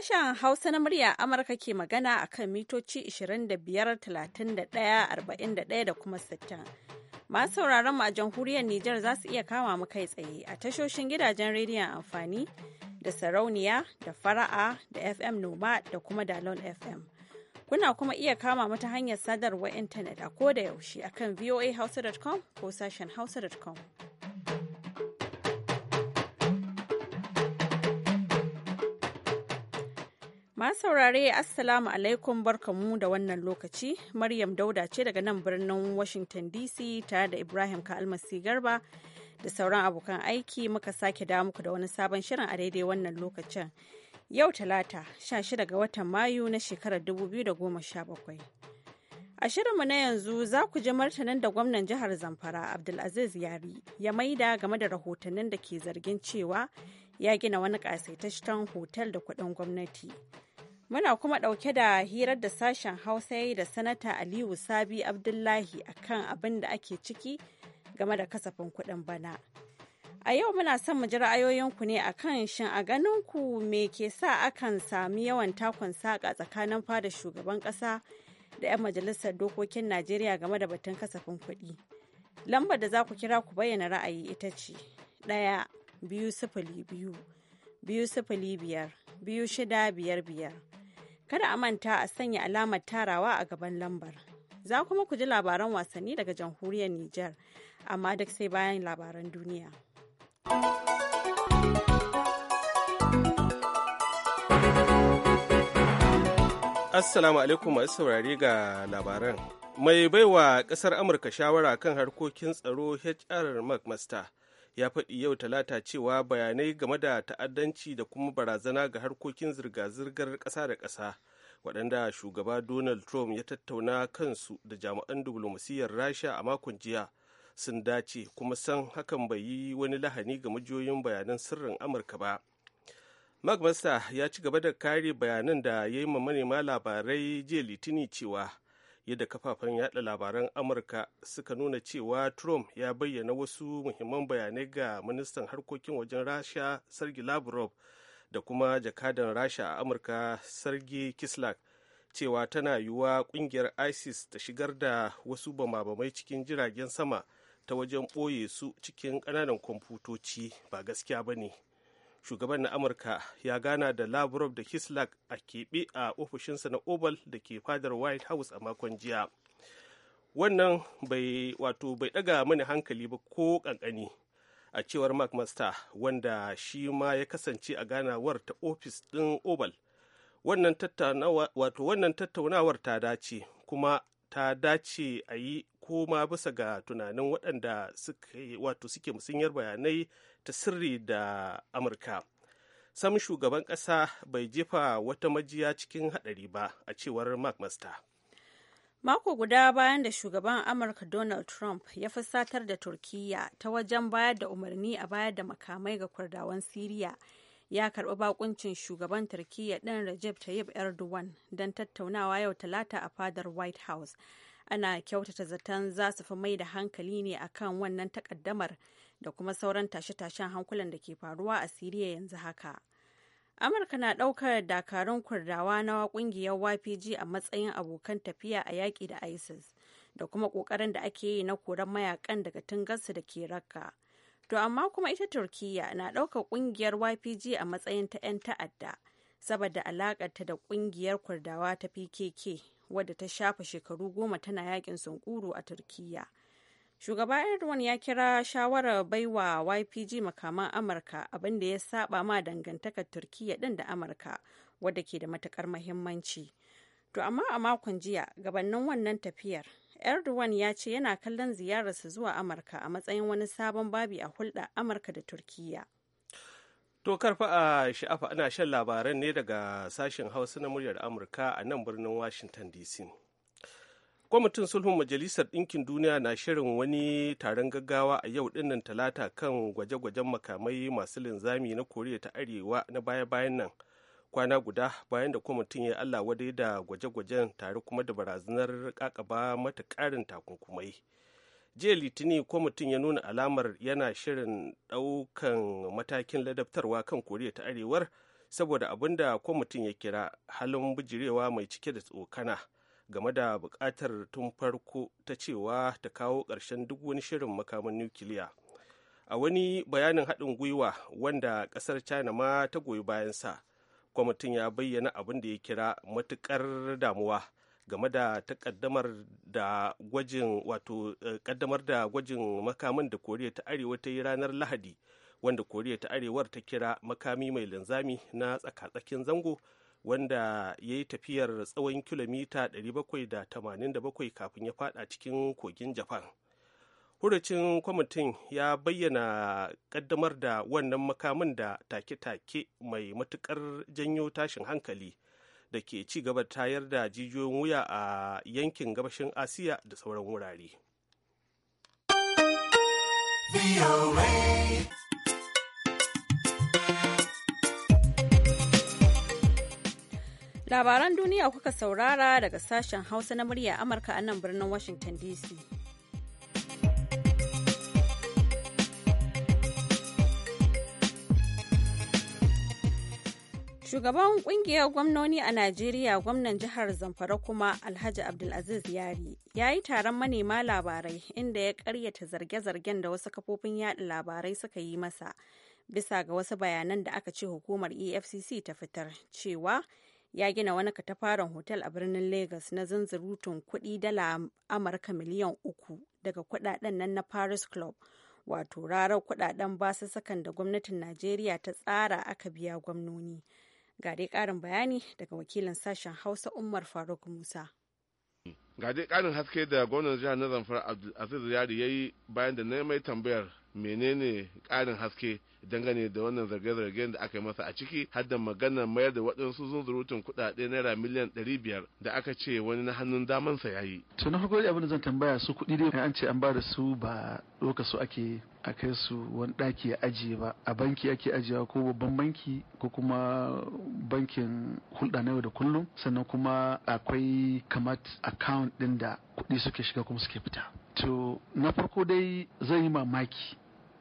Sashen Hausa na murya Amurka ke magana a kan mitoci 25,31,41 da kuma 60. Masu sauraron mu a jamhuriyar Nijar za su iya kama mu kai tsaye a tashoshin gidajen rediyon amfani da sarauniya da fara'a da FM Noma da kuma Dalon FM. Kuna kuma iya kama mu ta hanyar sadarwar intanet a koda yaushe kan voahausa.com ko sashen hausa.com. Masu saurare Assalamu alaikum barkamu da wannan lokaci. Maryam Dauda ce daga nan birnin Washington DC tare da Ibrahim Kalmasi Garba da sauran abokan aiki muka sake da muku da wani sabon shirin a daidai wannan lokacin. Yau Talata 16 ga watan Mayu na shekarar 2017. A shirinmu na yanzu za ku ji martanin da gwamnan jihar Zamfara Abdulaziz Yari ya maida game da rahotannin da ke zargin cewa ya gina wani ƙasaitaccen hotel da kuɗin gwamnati. Muna kuma ɗauke da hirar da sashen Hausa ya da Sanata Aliyu Sabi Abdullahi akan abin da ake ciki game da kasafin kuɗin bana. A yau muna son mu ji ra'ayoyinku ne a kan shin a ganinku me ke sa akan sami yawan takon saƙa tsakanin fada shugaban ƙasa da 'yan majalisar dokokin Najeriya game da batun kasafin kuɗi. Lambar da za ku kira ku bayyana ra'ayi ita ce ɗaya biyu sifili biyu biyu sifili biyar biyu shida biyar biyar. Kada a manta a sanya alamar tarawa a gaban lambar. Za kuma ku ji labaran wasanni daga jamhuriyar Nijar, amma duk sai bayan labaran duniya. Assalamu alaikum masu saurari ga labaran. Mai baiwa ƙasar Amurka shawara kan harkokin tsaro HR McMaster ya faɗi yau talata cewa bayanai game da ta'addanci da kuma barazana ga harkokin zirga-zirgar ƙasa da ƙasa waɗanda shugaba donald trump ya tattauna kansu da jami'an diflomasiyyar rasha a makon jiya sun dace kuma san hakan bai yi wani lahani ga majiyoyin bayanan sirrin amurka ba mcmaster ya ci gaba da kare bayanan da ya yi ma manema labarai jiya litini cewa yadda kafafen yada labaran amurka suka nuna cewa trump ya bayyana wasu muhimman bayanai ga ministan harkokin wajen rasha sergei lavrov da kuma jakadan rasha a amurka sergei kislak cewa tana yiwuwa kungiyar isis ta shigar da wasu bama cikin jiragen sama ta wajen ɓoye su cikin ƙananan kwamfutoci ba gaskiya ba ne shugaban na amurka ya gana da lavrov da kislak a keɓe a ofishinsa na oval da ke fadar white house a makon jiya wannan bai wato bai ɗaga mani hankali ba ko ƙanƙani a cewar mark master wanda shi ma ya kasance a ganawar ta ofis ɗin oval wannan tattaunawar ta dace kuma ta dace a yi koma bisa ga tunanin waɗanda suke suke musinyar bayanai ta sirri da amurka sam shugaban ƙasa bai jefa wata majiya cikin haɗari ba a cewar mark mako guda bayan da shugaban amurka donald trump ya fusatar da turkiyya ta wajen bayar da umarni a bayar da makamai ga kurdawan siriya ya karbi bakuncin shugaban turkiyya ɗin rajab tayyip erdogan don tattaunawa yau talata a fadar white house ana kyautata zaton za su fi mai da hankali ne a kan wannan takaddamar da kuma sauran tashe-tashen hankulan da ke faruwa a siriya yanzu haka amurka na ɗaukar dakarun kurdawa na ƙungiyar ypg a matsayin abokan tafiya a yaƙi da isis da kuma ƙoƙarin da ake yi na koran mayakan daga tungarsu da ke rakka to amma kuma ita turkiyya na ɗaukar ƙungiyar ypg a matsayin ta 'yan ta'adda saboda alaƙarta da ƙungiyar kurdawa ta pkk wadda ta shafa shekaru goma tana yakin sunkuru a turkiya shugaba erdogan ya kira shawarar baiwa ypg makaman amurka abinda ya saba ma dangantakar turkiya din da amurka wadda ke da matukar mahimmanci to amma a makon jiya gabanin wannan tafiyar erdogan ya ce yana kallon ziyararsa zuwa amurka a matsayin wani sabon babi a hulɗa amurka da turkiya To karfa a sha'afa ana shan labaran ne daga sashen Hausa na muryar Amurka a nan birnin Washington DC. Kwamitin sulhun Majalisar Ɗinkin Duniya na shirin wani taron gaggawa a yau dinnan talata kan gwaje-gwajen makamai masu linzami na Koriya ta Arewa na baya-bayan nan kwana guda bayan da kwamitin ya Allah wadai da gwaje-gwajen tare kuma da barazanar kakaba mata ƙarin takunkumai. jiya litini ko mutum ya nuna alamar yana shirin ɗaukan matakin ladabtarwa kan koriya ta arewar saboda abin da mutum ya kira halin bijirewa mai cike da tsokana game da buƙatar tun farko ta cewa ta kawo ƙarshen duk wani shirin makaman nukiliya a wani bayanin haɗin gwiwa wanda ƙasar china ma ta goyi bayansa kwamitin ya bayyana abin da ya kira matuƙar damuwa game da takaddamar da gwajin wato eh, kaddamar da gwajin makamin da koriya ta arewa ta yi ranar lahadi wanda koriya ta arewar ta kira makami mai linzami na tsakatsakin zango wanda ya yi tafiyar tsawon kilomita 787 kafin ya fada cikin kogin japan hurucin kwamitin ya bayyana kaddamar da wannan makamin da take-take mai matukar janyo tashin hankali da ke ci gaba tayar da jijiyoyin wuya a yankin gabashin asiya da sauran wurare labaran duniya kuka saurara daga sashen hausa na murya amurka a nan birnin washington dc Shugaban kungiyar gwamnoni a Najeriya gwamnan jihar Zamfara kuma Alhaji Abdulaziz Yari ya yi taron manema labarai inda ya karyata zarge-zargen da wasu kafofin yaɗa labarai suka yi masa bisa ga wasu bayanan da aka ce hukumar EFCC ta fitar cewa ya gina wani katafaren hotel a birnin Legas na zunzurutun kuɗi dala Amurka miliyan uku daga kuɗaɗen nan na Paris Club. Wato rarar kuɗaɗen sakan da gwamnatin Najeriya ta tsara aka biya gwamnoni. Ga dai ƙarin bayani daga wakilin sashen Hausa Umar Faruk Musa. Ga dai ƙarin haske da gwamnan jihar na Zamfara aziz Yari ya yi bayan da na mai tambayar menene ƙarin haske dangane da wannan zarge-zargen da aka yi masa a ciki har da maganar mayar da waɗansu zunzurutun kuɗaɗe naira miliyan ɗari biyar da aka ce wani na hannun damansa ya yi. to na farko abin da zan tambaya su kuɗi dai an ce an ba da su ba ɗauka su ake a kai su wani ɗaki ya ajiye ba a banki ake ajiyewa ko babban banki ko kuma bankin hulɗa na yau da kullum sannan kuma akwai kamat account ɗin da kuɗi suke shiga kuma suke fita to na farko dai zan yi mamaki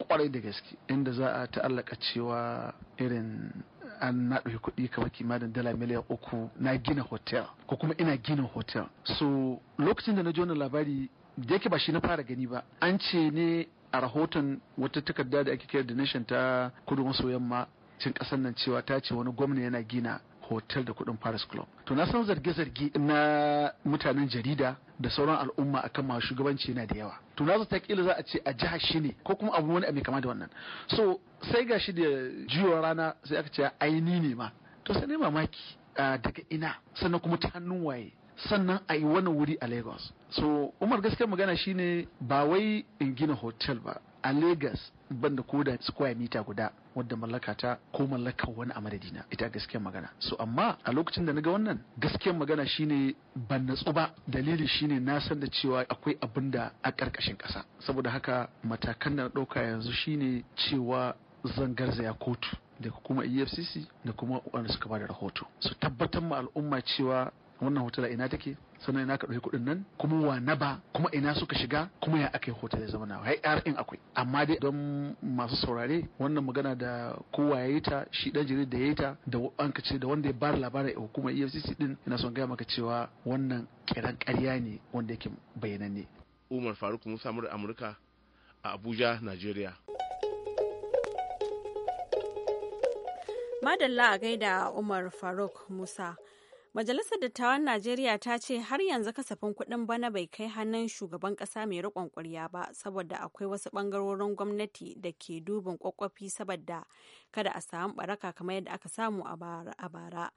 kwarai da gaske inda za a ta'allaka cewa irin an na kuɗi kamar kimanin dala miliyan uku na gina hotel ko kuma ina gina hotel so lokacin da na ji wannan labari da yake ba shi na fara gani ba an ce ne a rahoton wata takarda da ake kira da nation ta kudu maso yamma cin ƙasar nan cewa ta ce wani gwamna yana gina hotel da kudin Paris Club. To na san zarge-zarge na mutanen jarida da sauran al'umma akan masu shugabanci yana da yawa. To na zata kila za a ce a jiha shi ne ko kuma abu wani abu kama da wannan. So sai gashi da jiwa rana sai aka ce aini ne ma. To sai ne mamaki daga ina sannan kuma ta hannun waye. sannan a yi wani wuri a lagos so umar gaskiyar magana shine ba wai in gina hotel ba a lagos banda koda square mita guda wadda mallaka ta ko mallakar wani a madadina ita gaskiyar magana so amma a lokacin da naga wannan gaskiyar magana shine ban natsu ba dalili shine na san da cewa akwai abin da a ƙarƙashin kasa saboda haka matakan da na ɗauka yanzu shine cewa zan garzaya kotu e da kuma efcc da kuma wanda suka ba da rahoto su tabbatar ma al'umma cewa wannan hotel ina take sannan ina ka ɗauki kuɗin nan kuma wa na ba kuma ina suka shiga kuma ya aka yi hotel ya zama na in akwai amma dai don masu saurare wannan magana da kowa ya yi ta shi dan jirin da ya yi ta da an ka ce da wanda ya ba da labarin a hukumar efcc din ina son gaya maka cewa wannan kiran ƙarya ne wanda yake ne. umar faruk musa mura amurka a abuja nigeria. madalla a gaida umar faruk musa Majalisar Dattawan Najeriya ta ce har yanzu kasafin kuɗin bana bai kai hannun shugaban ƙasa mai riƙon ƙwarya ba saboda akwai wasu bangarorin gwamnati da ke dubin kwakwafi saboda kada a samu baraka kamar yadda aka samu a bara.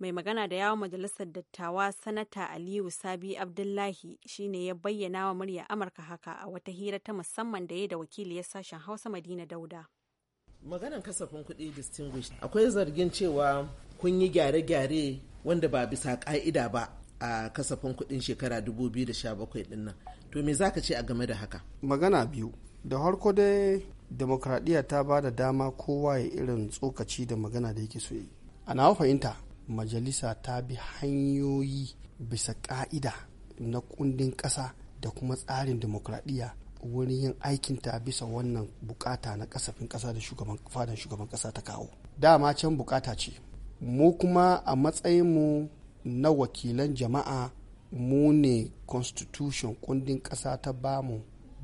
Mai magana da yawon Majalisar Dattawa Sanata Aliyu Sabi Abdullahi shine ya bayyana wa murya Amurka haka a wata hira ta musamman da ya da wakiliyar sashen Hausa Madina Dauda. maganan kasafin kuɗi distinguished akwai zargin cewa kun yi gyare-gyare wanda ba bisa ka'ida ba a kasafin kuɗin shekara 2017 ɗin nan to me za ka ce a game da haka magana biyu da harko dai demokradiyya ta ba da dama kowa ya irin tsokaci da magana da yake so yi a fahimta majalisa ta bi hanyoyi bisa ka'ida na kundin ƙasa da kuma tsarin demokradiyya wurin yin aikin ta bisa wannan bukata na kasafin ƙasa da shugaban fadan shugaban ƙasa ta kawo dama can bukata ce mu kuma a matsayin mu na wakilan jama'a mu ne constitution kundin ƙasa ta bamu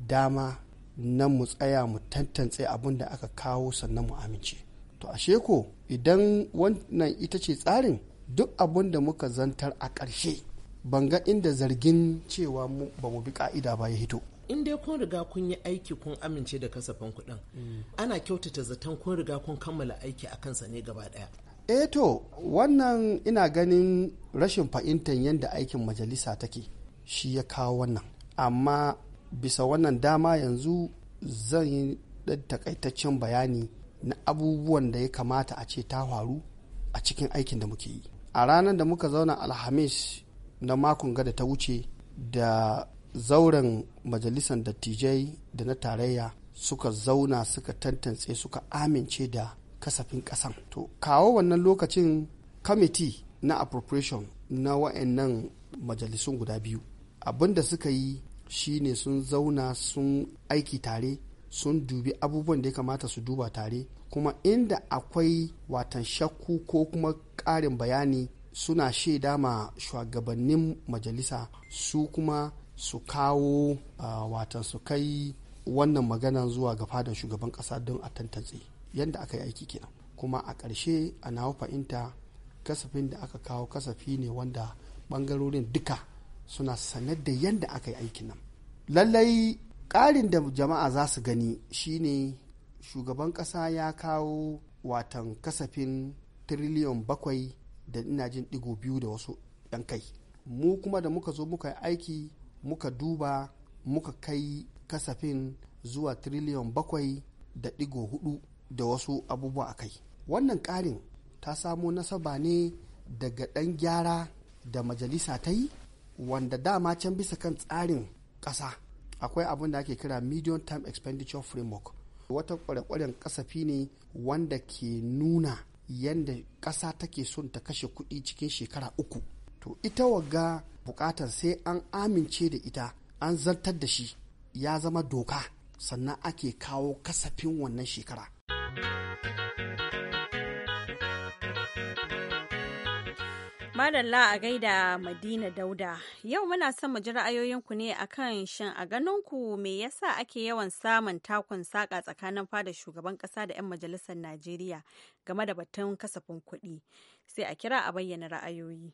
dama na mu tsaya mu tantance abin da aka kawo sannan mu amince to ashe ko idan wannan ita ce tsarin duk abin da muka zantar a ƙarshe ban ga inda zargin cewa ba mu bi ka'ida ba ya hito in dai kun riga kun yi aiki kun amince da kasafin kuɗin mm. ana kyautata zaton kun riga kun kammala aiki a kansa ne gaba ɗaya eh to wannan ina ganin rashin fahimtar yadda aikin majalisa take shi ya kawo wannan amma bisa wannan dama yanzu zan yi ɗan takaitaccen bayani na abubuwan da ya kamata a ce ta faru a cikin aikin da muke yi a ranar da muka zauna alhamis na makon gada ta wuce da zauren majalisar dattijai da na tarayya suka zauna suka tantance suka amince da kasafin kasan to kawo wannan lokacin kamiti na appropriation na wa'annan majalisun guda biyu abinda suka yi shine sun zauna sun aiki tare sun dubi abubuwan da ya kamata su duba tare kuma inda akwai watan shakku ko kuma ƙarin bayani suna shaida ma shugabannin majalisa su kuma su kawo uh, watan su kai wannan magana zuwa ga fadan shugaban ƙasa don a tantance yadda aka yi aiki kenan kuma a ƙarshe a nawa fahimta kasafin da aka kawo kasafi ne wanda ɓangarorin duka suna sanar da yadda aka yi aikin nan lallai ƙarin da jama'a za su gani shine shugaban ƙasa ya kawo watan kasafin tiriliyon bakwai da ina jin ɗigo biyu da wasu ɗan kai mu kuma da muka zo muka yi aiki muka duba muka kai kasafin zuwa tiriliyon bakwai da ɗigo hudu da wasu abubuwa a kai wannan ƙarin ta samo nasaba ne daga ɗan gyara da majalisa ta yi wanda dama can bisa kan tsarin ƙasa akwai abin da ake kira medium term expenditure framework wata kwarekwaren kasafi ne wanda ke nuna yadda ƙasa take son ta kashe kuɗi cikin shekara uku to ita waga buƙatar sai an amince da ita an zartar da shi ya zama doka sannan ake kawo kasafin wannan shekara Madalla a gaida Madina Dauda. Yau muna son mu ji ra'ayoyinku ne a kan shin a ganinku me yasa ake yawan samun takon saƙa tsakanin fada shugaban ƙasa da 'yan majalisar Najeriya game da batun kasafin kuɗi. Sai a kira a bayyana ra'ayoyi.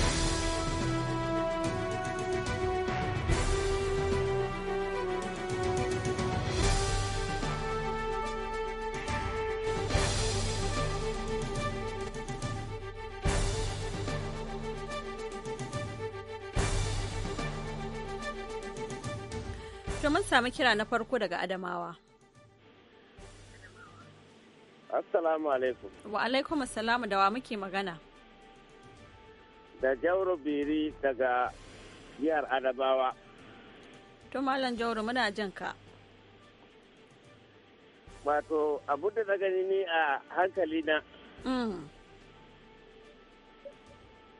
mun samu kira na farko daga Adamawa. Assalamu alaikum. Wa alaikum assalamu da wa muke magana. Da Jauro Biri daga jihar Adamawa. To Malam Jauro muna jin ka. Wato abu da na gani ni a hankali na. Mm.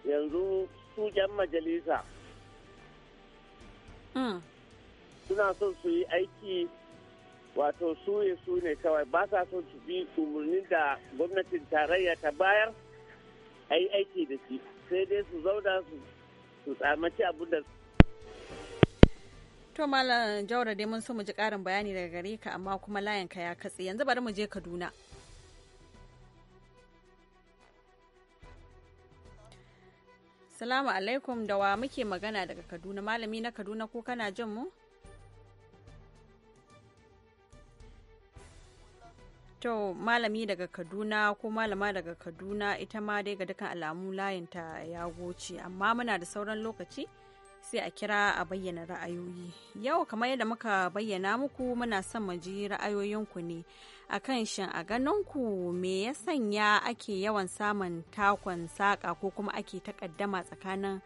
Yanzu su jan majalisa. Mm. suna son su yi aiki wato suye su ne kawai ba sa son su bi umarnin da gwamnatin tarayya ta bayar a yi aiki da shi sai dai su zauna su tsamaci abin da to malam jaura dai mun so mu ji karin bayani daga gare ka amma kuma ka ya katse yanzu bari mu je kaduna salamu alaikum da wa muke magana daga kaduna malami na kaduna ko kana jin mu to malami daga kaduna ko malama daga kaduna ita ma dai ga dukkan alamu layinta ya goce amma muna da sauran lokaci sai a kira a bayyana ra'ayoyi yau kamar yadda muka bayyana muku muna son mu ji ra'ayoyinku ne akan shin a ganinku me ya sanya ake yawan samun takon saƙa ko kuma ake takaddama tsakanin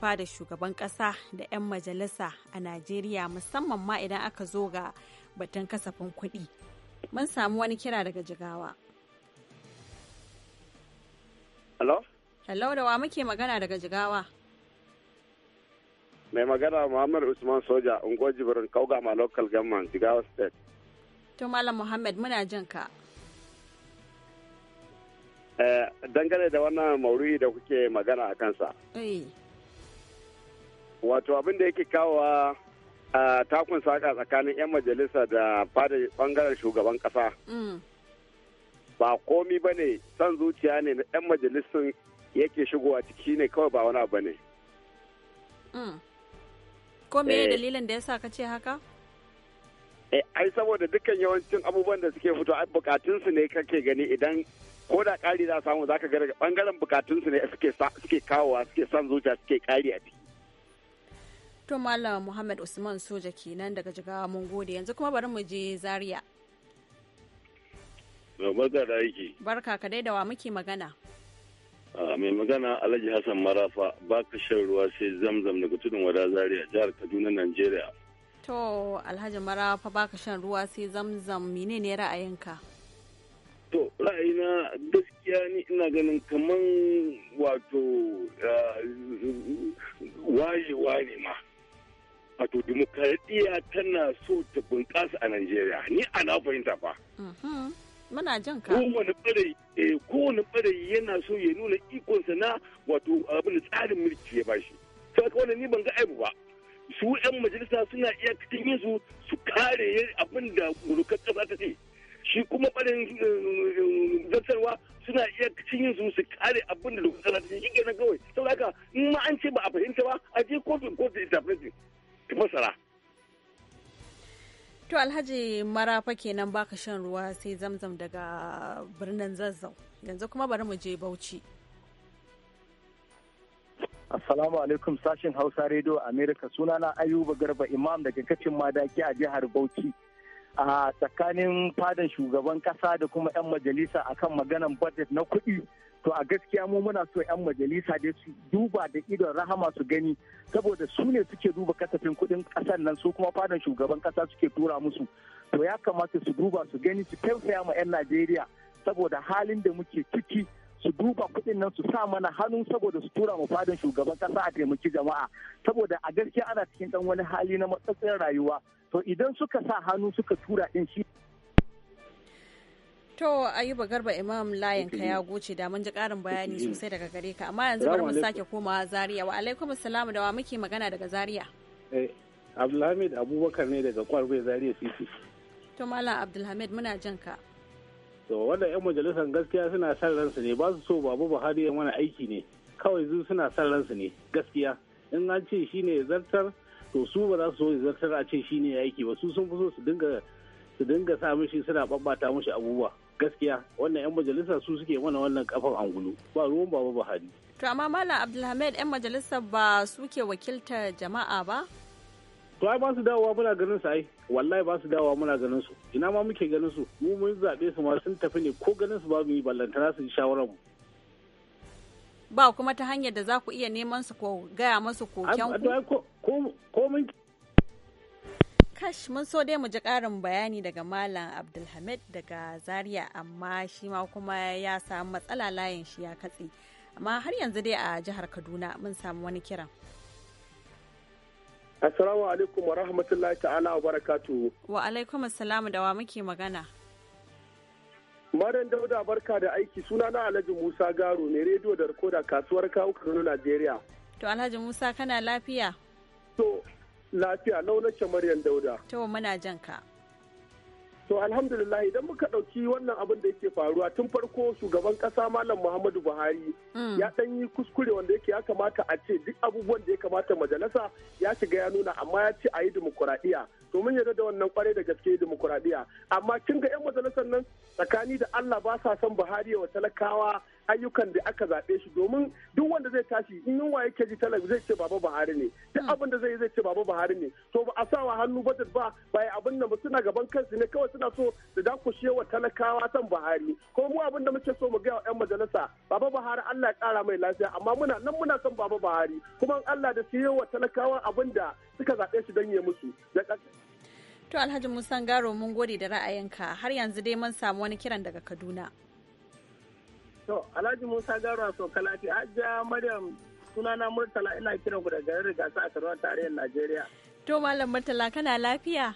fada shugaban ƙasa da 'yan majalisa a najeriya musamman ma idan aka zo ga batun kasafin kuɗi Mun samu wani kira daga Jigawa. Hello? Hello da wa muke magana daga Jigawa. Mai magana Muhammad Usman Soja, unguwar Jibirin Kaugama Local Government, Jigawa State. To Malam Muhammad muna jin ka. Eh, dangane da wannan mauri da kuke magana a kansa. Eh. Wato abin da yake kawowa takun saka tsakanin 'yan majalisa da fada bangaren shugaban kasa mm. ba komi ba ne son zuciya ne na 'yan majalisun yake shigowa ciki ne kawai ba wani abu ne mm. ko me eh. dalilin da ya sa ka ce haka eh ai saboda dukkan yawancin abubuwan da suke fito ai bukatunsu ne kake gani idan ko da ƙari za samu za ka gara bangaren bukatunsu ne suke kawowa suke son zuciya suke ƙari a ciki to malam muhammad usman soja kenan daga jigawa mun gode yanzu kuma bari mu je zaria barka da aiki barka ka dai da wa muke magana mai magana alhaji hassan marafa baka shan ruwa sai zamzam daga tudun wada zaria jihar kaduna nigeria to alhaji marafa baka shan ruwa sai zamzam menene ra'ayinka to ra'ayina gaskiya ni ina ganin kaman wato wayewa ne ma wato dimokuraɗiyya tana so ta bunƙasa a Najeriya ni na fahimta fa. Muna jin ka. Kowane ɓarayi eh kowane ɓarayi yana so ya nuna ikonsa na wato abin tsarin mulki ya bashi. Saboda wannan ni ban ga aibu ba. Su 'yan majalisa suna iya yin su su kare abin da mulkar ƙasa ta ce. Shi kuma ɓarayin eh, eh, zartarwa suna iya yin su su kare abin da dokar ƙasa ta ce shi kenan kawai. Saboda haka in ma an ce ba a fahimta ba a je kotun kotun interpreting. masara to alhaji marafa kenan baka shan ruwa sai zamzam daga birnin zazzau yanzu kuma bari mu je bauchi Assalamu alaikum sashen Hausa Radio America sunana Ayuba Garba Imam daga kacin madaki a jihar Bauchi. A tsakanin fadan shugaban kasa da kuma 'yan majalisa akan maganan budget na kuɗi to a gaskiya mu muna so 'yan majalisa dai su duba da idon rahama su gani saboda su ne suke duba kasafin kudin kasar nan su kuma fadan shugaban kasa suke tura musu to ya kamata su duba su gani su tausaya ma 'yan najeriya saboda halin da muke ciki su duba kudin nan su sa mana hannu saboda su tura mu fadan shugaban kasa a taimaki jama'a saboda a gaskiya ana cikin dan wani hali na matsatsin rayuwa to idan suka sa hannu suka tura din shi To Ayuba Garba Imam layin ka ya goce da mun ji karin bayani sosai daga gare ka amma yanzu bari mu sake komawa Zaria wa alaikum assalamu da wa muke magana daga Zaria. Eh Abdulhamid Abubakar ne daga Kwarbe Zaria City. To Malam Abdulhamid muna jin ka. To wanda 'yan majalisar gaskiya suna son ransu ne ba su so babu Buhari ya mana aiki ne kawai zu suna son ransu ne gaskiya in an ce shine zartar to su ba za su so zartar a ce shine aiki ba su sun fi so su dinga su dinga sa mishi suna babbata mishi abubuwa gaskiya wannan 'yan majalisa su suke mana wannan kafan angulu ba ruwan baba buhari to amma malam abdulhamid 'yan majalisa ba suke wakiltar jama'a ba to ai ba su dawowa muna ganin su ai wallahi ba su dawowa muna ganin su ina ma muke ganin su mu mun zaɓe su ma sun tafi ne ko ganin su ba mu yi ballantana su ji shawarar mu ba kuma ta hanyar da za ku iya neman su ko gaya masu koken ku ko mun kash mun so dai mu ji karin bayani daga Malam Abdulhamid daga Zaria amma shi ma kuma ya samu matsala layin shi ya katse. Amma har yanzu dai a jihar Kaduna mun samu wani kiran. Assalamu alaikum wa rahmatullahi ta'ala wa barakatu. Wa alaikum assalamu da wa muke magana. Madan Dauda barka da aiki suna na Alhaji Musa Garo mai rediyo da rikoda kasuwar kawo Kaduna Najeriya. To Alhaji Musa kana lafiya? To Lafiya launace Maryam Dauda. To muna jan ka. To alhamdulillah idan muka ɗauki wannan abin da yake faruwa tun farko shugaban ƙasa Malam Muhammadu Buhari mm. ya ɗan yi kuskure wanda yake ya kamata a ce duk abubuwan da ya kamata majalisa ya shiga ya nuna amma ya ce a yi dimokuraɗiyya. domin yarda da wannan kwarai da gaske dimokuraɗiyya amma kin ga 'yan majalisar nan tsakani da Allah ba sa son Buhari wa talakawa ayyukan da aka zaɓe shi domin duk wanda zai tashi in yunwa yake ji talaka zai ce baba Buhari ne duk hmm. abin da zai zai ce baba Buhari ne to ba a sawa hannu ba ba ba ya abin nan ba suna gaban kansu ne kawai suna so da dakushe wa talakawa san Buhari ko mu abin da muke so mu ga yan majalisa baba Buhari Allah ya kara mai lafiya amma muna nan muna son baba Buhari kuma Allah da su yi wa talakawa abin da suka zaɓe shi don ya musu To Alhaji Musan Garo mun gode da ra'ayinka har yanzu dai mun samu wani kiran daga Kaduna. To Alhaji Musa Garo a Sokalati Hajja Maryam sunana Murtala ina kiran ku daga garin gasa a Kaduna tarihin Najeriya. To Malam Murtala kana lafiya?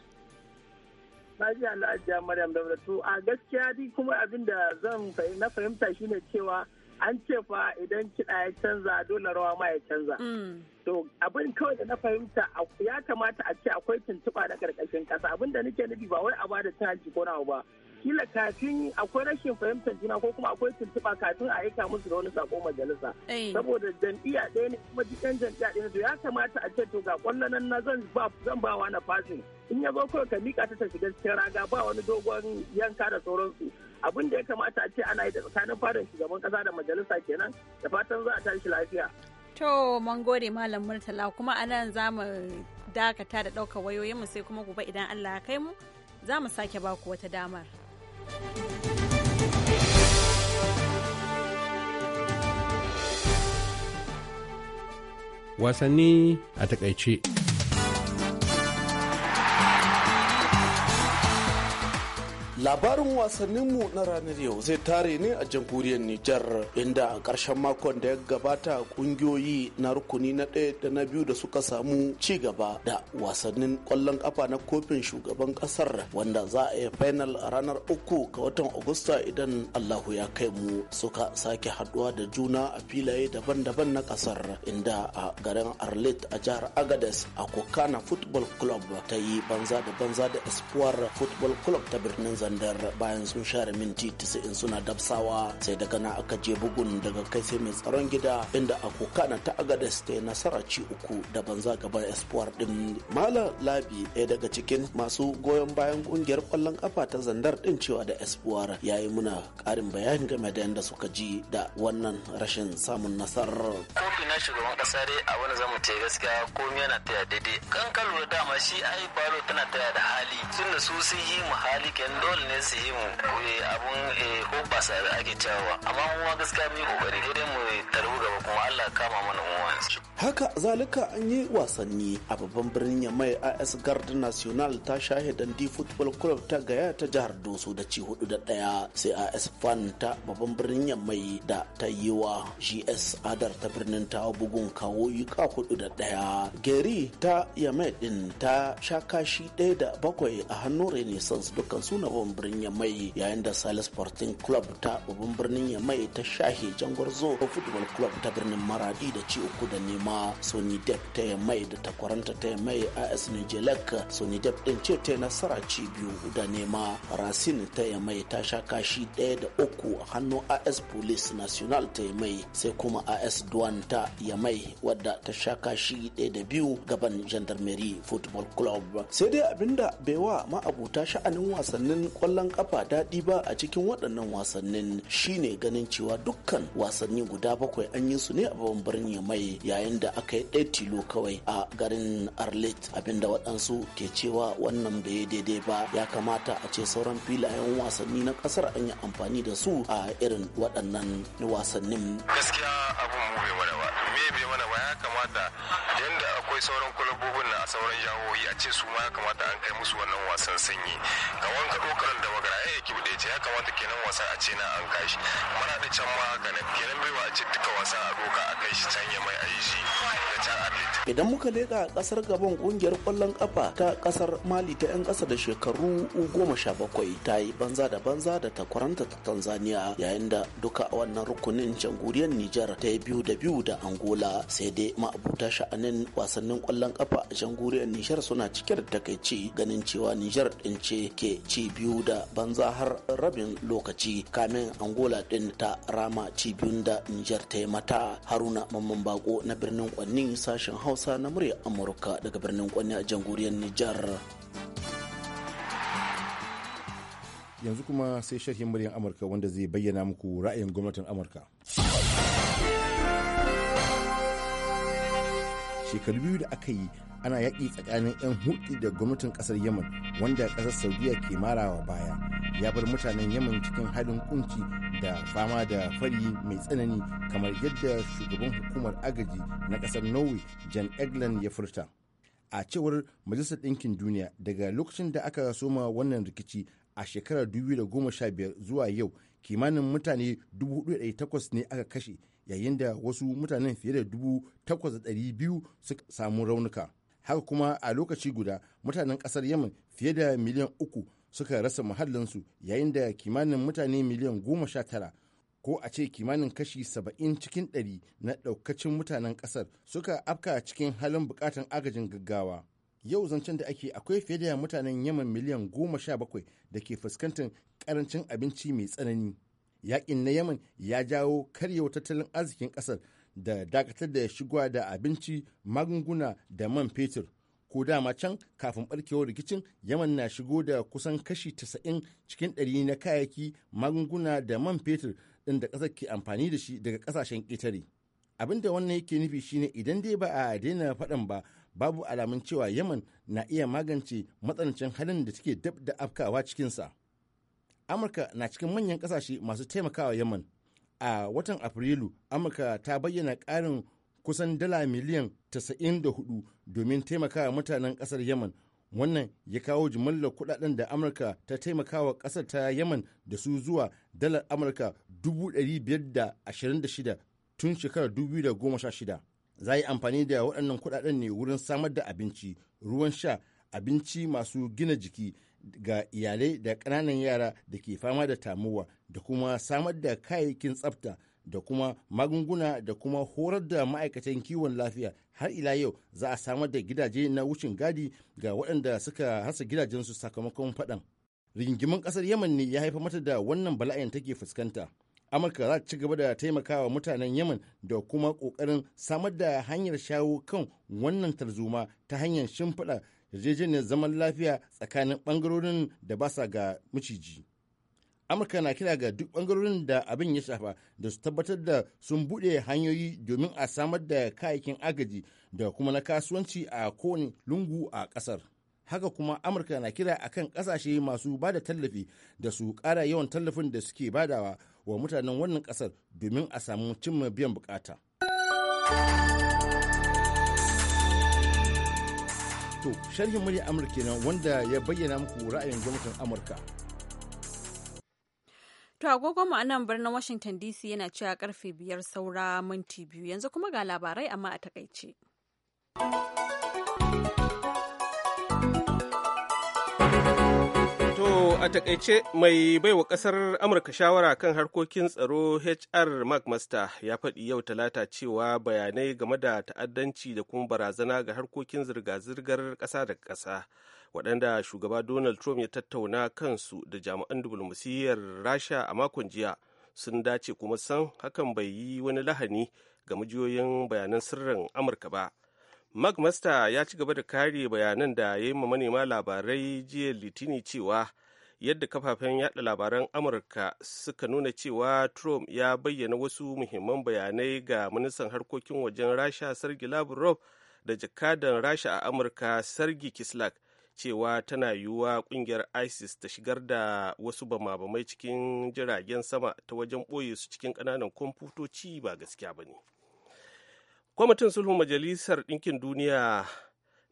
Lafiya na Maryam da a gaskiya di kuma abin da zan na fahimta shine cewa an ce fa idan kiɗa ya canza dole rawa ma ya canza. Mm. To abin kawai da na fahimta ya kamata a ce akwai tuntuɓa na ƙarƙashin ƙasa abin da nake nufi ba wai a bada cin hanci ko nawa ba. Kila kafin akwai rashin fahimtar juna ko kuma akwai tuntuɓa kafin a aika musu da wani sako majalisa. Eh. Saboda jam'iyya ɗaya ne kuma jikin jam'iyya ɗaya ne to ya kamata a ce to ga ƙwallanan na zan ba zan ba wa na fasin. In ya zo kawai ka miƙa ta ta shiga cikin raga ba wani dogon yanka da sauransu. abin da ya kamata a ce ana yi da tsakanin farin shugaban kasa da majalisa kenan da fatan za a tashi lafiya. To mun gode Malam Murtala kuma a nan za mu dakata da ɗaukar wayoyinmu sai kuma gobe idan Allah ya kai mu za mu sake baku wata damar. Wasanni a takaice. Labarin wasanninmu na ranar yau zai tare ne a jamhuriyar Nijar inda a ƙarshen makon da ya gabata kungiyoyi na rukuni na ɗaya da na biyu da suka samu ci gaba da wasannin ƙwallon ƙafa na kofin shugaban ƙasar wanda za a yi final a ranar uku ga watan Agusta idan Allahu ya kai mu suka sake haɗuwa da juna a filaye daban-daban na ƙasar inda a garin Arlit a jihar Agades a Kokana Football Club ta yi banza da banza da Espoir Football Club ta birnin Zan sandar bayan sun share minti 90 suna dabsawa sai daga na aka je bugun daga kai sai mai tsaron gida inda a na ta agades ta nasara ci uku da banza gaban espoir din malam labi ɗaya daga cikin masu goyon bayan kungiyar kwallon kafa ta zandar din cewa da espoir ya yi muna karin bayani game da yadda suka ji da wannan rashin samun nasarar kofi na shugaban kasa dai a wani zamu gaskiya ko yana taya daidai kan ka dama shi ai baro tana taya da hali da su sun yi mu hali kenan dole dole ne su yi mu abun eh, hoɓasa da ake cewa amma mu gaskiya mu yi kokari dai mu tarbi gaba kuma Allah kama mana mu haka zalika an yi wasanni a babban birnin yamai as garden national ta shahe dandi football club ta gaya ta jihar doso da ci hudu da daya sai as fan ta babban birnin yamai da ta yi wa gs adar ta birnin ta bugun kawo yuka hudu da daya geri ta yamai din ta sha kashi daya da bakwai a hannun renaissance dukkan suna babban birnin yamai yayin da salis sporting club ta babban birnin yamai ta shahe jangwarzo football club ta birnin maradi da ci uku da nema kuma Depp ta mai da takwaranta ta mai as nijelek Depp din ce ta nasara ci biyu da nema rasin ta mai ta sha kashi ɗaya da uku a hannun as police national ta mai sai kuma as duan ta mai wadda ta sha kashi ɗaya da biyu gaban gendarmerie football club sai dai abinda bai wa ma'abuta sha'anin wasannin kwallon kafa daɗi ba a cikin waɗannan wasannin shine ganin cewa dukkan wasanni guda bakwai an yi su ne a babban birnin mai yayin da aka yi ɗaya tilo kawai a garin arlit abinda waɗansu ke cewa wannan bai daidai ba ya kamata a ce sauran filayen wasanni na ƙasar an yi amfani da su a irin waɗannan wasannin gaskiya abun mu bai mana ba me bai mana ba ya kamata yanda akwai sauran kulabobin na a sauran jahohi a ce su ma ya kamata an kai musu wannan wasan sanyi ga wanka ɗokarin da magana eh, ya yake bude ce ya kamata kenan wasa a ce na an kai shi mana da can ma haka kenan bai a ce duka wasa a doka a kai shi can ya mai a Idan muka leda kasar gaban kungiyar kwallon kafa ta kasar Mali ta 'yan kasa da shekaru goma sha bakwai ta yi banza da banza da takwaranta ta Tanzania yayin da duka wannan rukunin jamhuriyar Nijar ta yi biyu da biyu da Angola sai dai ma'abuta sha'anin wasannin kwallon kafa a jamhuriyar Nijar suna cike da takaici ganin cewa Nijar din ce ke ci biyu da banza har rabin lokaci kamin Angola din ta rama ci biyun da Nijar ta yi mata Haruna Mamman Bako na birnin birnin Kwanni sashen Hausa na murya Amurka daga birnin Kwanni a jamhuriyar Nijar. Yanzu kuma sai sharhin muryar Amurka wanda zai bayyana muku ra'ayin gwamnatin Amurka. Shekaru biyu da aka yi ana yaƙi tsakanin 'yan hutu da gwamnatin ƙasar Yemen wanda ƙasar Saudiya ke marawa baya ya bar mutanen Yemen cikin halin kunci da fama da fari mai tsanani kamar yadda shugaban hukumar agaji na kasar norway jan egland ya furta a cewar majalisar ɗinkin duniya daga lokacin da aka soma wannan rikici a shekarar 2015 zuwa yau kimanin mutane 4,800 ne aka kashe yayin da wasu mutanen fiye da 8,200 suka samu raunuka haka kuma a lokaci guda mutanen ƙasar yamin fiye da miliyan uku suka rasa muhallinsu yayin da kimanin mutane miliyan goma sha tara ko a ce kimanin kashi saba'in cikin ɗari na ɗaukacin mutanen ƙasar suka afka cikin halin buƙatan agajin gaggawa. Yau zancen da ake akwai fiye da mutanen Yaman miliyan goma sha bakwai da ke fuskantar ƙarancin abinci mai tsanani. Yaƙin na Yaman ya jawo karyewa tattalin arzikin ƙasar da dakatar da shigowa da abinci, magunguna da man fetur. ko dama can kafin barkewar rikicin yaman na shigo da kusan kashi 90 cikin ɗari na kayayyaki magunguna da man fetur ɗin da ƙasar ke amfani da shi daga ƙasashen ƙetare abin da wannan yake nufi shine idan dai ba a daina faɗan ba babu alamun cewa yaman na iya magance matsanancin halin da take dab da afkawa cikinsa amurka na cikin manyan ƙasashe masu taimakawa yaman a watan afrilu amurka ta bayyana ƙarin kusan dala miliyan 94 domin taimakawa mutanen kasar Yaman. Wannan ya kawo jimillar kudaden da Amurka ta taimakawa kasar ta Yaman da su zuwa dalar Amurka 526 tun shekarar 2016. Za yi amfani da waɗannan kudaden ne wurin samar da abinci, ruwan sha, abinci masu gina jiki ga iyalai da ƙananan yara da ke fama da tamuwa da kuma samar da kayayyakin tsafta. da kuma magunguna da kuma horar da ma'aikatan kiwon lafiya har ila yau za a samar da gidaje na wucin gadi ga waɗanda suka hasa gidajensu sakamakon faɗan rigimin ƙasar yaman ne ya haifa mata da wannan bala'in take fuskanta amurka za ta ci gaba da taimakawa mutanen yaman da kuma ƙoƙarin samar da hanyar shawo kan wannan tarzoma ta hanyar shimfiɗa yarjejeniyar zaman lafiya tsakanin ɓangarorin da ba sa ga miciji. amurka na kira ga duk bangarorin da abin ya shafa da su tabbatar da sun bude hanyoyi domin a samar da kayayyakin agaji da kuma na kasuwanci a kowane lungu a kasar haka kuma amurka na kira akan kasashe masu ba da tallafi da su kara yawan tallafin da suke badawa wa mutanen wannan kasar domin a samu cimma biyan bukata. To, sharhin murya Amurka kenan wanda ya bayyana muku ra'ayin gwamnatin Amurka. To agogon mu a birnin Washington DC yana cewa karfe biyar saura minti biyu yanzu kuma ga labarai amma a takaice. a takaice mai baiwa kasar Amurka shawara kan harkokin tsaro HR Mark Master ya faɗi yau talata cewa bayanai game da ta'addanci da kuma barazana ga harkokin zirga-zirgar ƙasa da ƙasa waɗanda shugaba Donald Trump ya tattauna kansu da jami'an diflomasiyyar Rasha a makon jiya sun dace kuma san hakan bai yi wani lahani ga mujiyoyin bayanan sirrin Amurka ba. magmasta ya ci gaba da kare bayanan da ya yi ma manema labarai jiya Litini cewa yadda kafafen yada labaran amurka suka nuna cewa trump ya bayyana wasu muhimman bayanai ga ministan harkokin wajen rasha sargi lavrov da jakadan rasha a amurka sargi kislak cewa tana yiwuwa kungiyar isis ta shigar da wasu bama-bamai cikin jiragen sama ta wajen boye su cikin ƙananan kwamfutoci ba gaskiya ba ne kwamitin sulhun majalisar ɗinkin duniya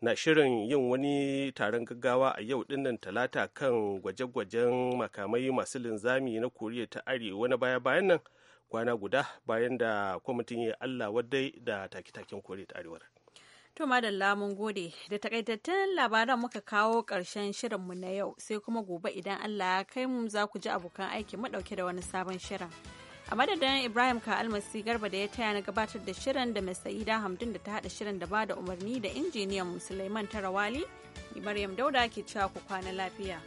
na shirin yin wani taron gaggawa a yau dinnan talata kan gwaje-gwajen makamai masu linzami na koriya ta arewa na baya-bayan nan kwana guda bayan da kwamitin ya allah wadai da take-taken koriya ta arewa to madalla mun gode da takaitattun labaran muka kawo karshen mu na yau sai kuma gobe idan allah ya kai mu za ku ji abokan aiki mu dauke da wani sabon shirin. a madadin ibrahim ka'almasi garba da ya taya na gabatar da shirin da mai sa'ida hamdun da ta haɗa shirin da ba da umarni da injiniyan musulaiman tarawali maryam dauda ke cewa ku kwana lafiya.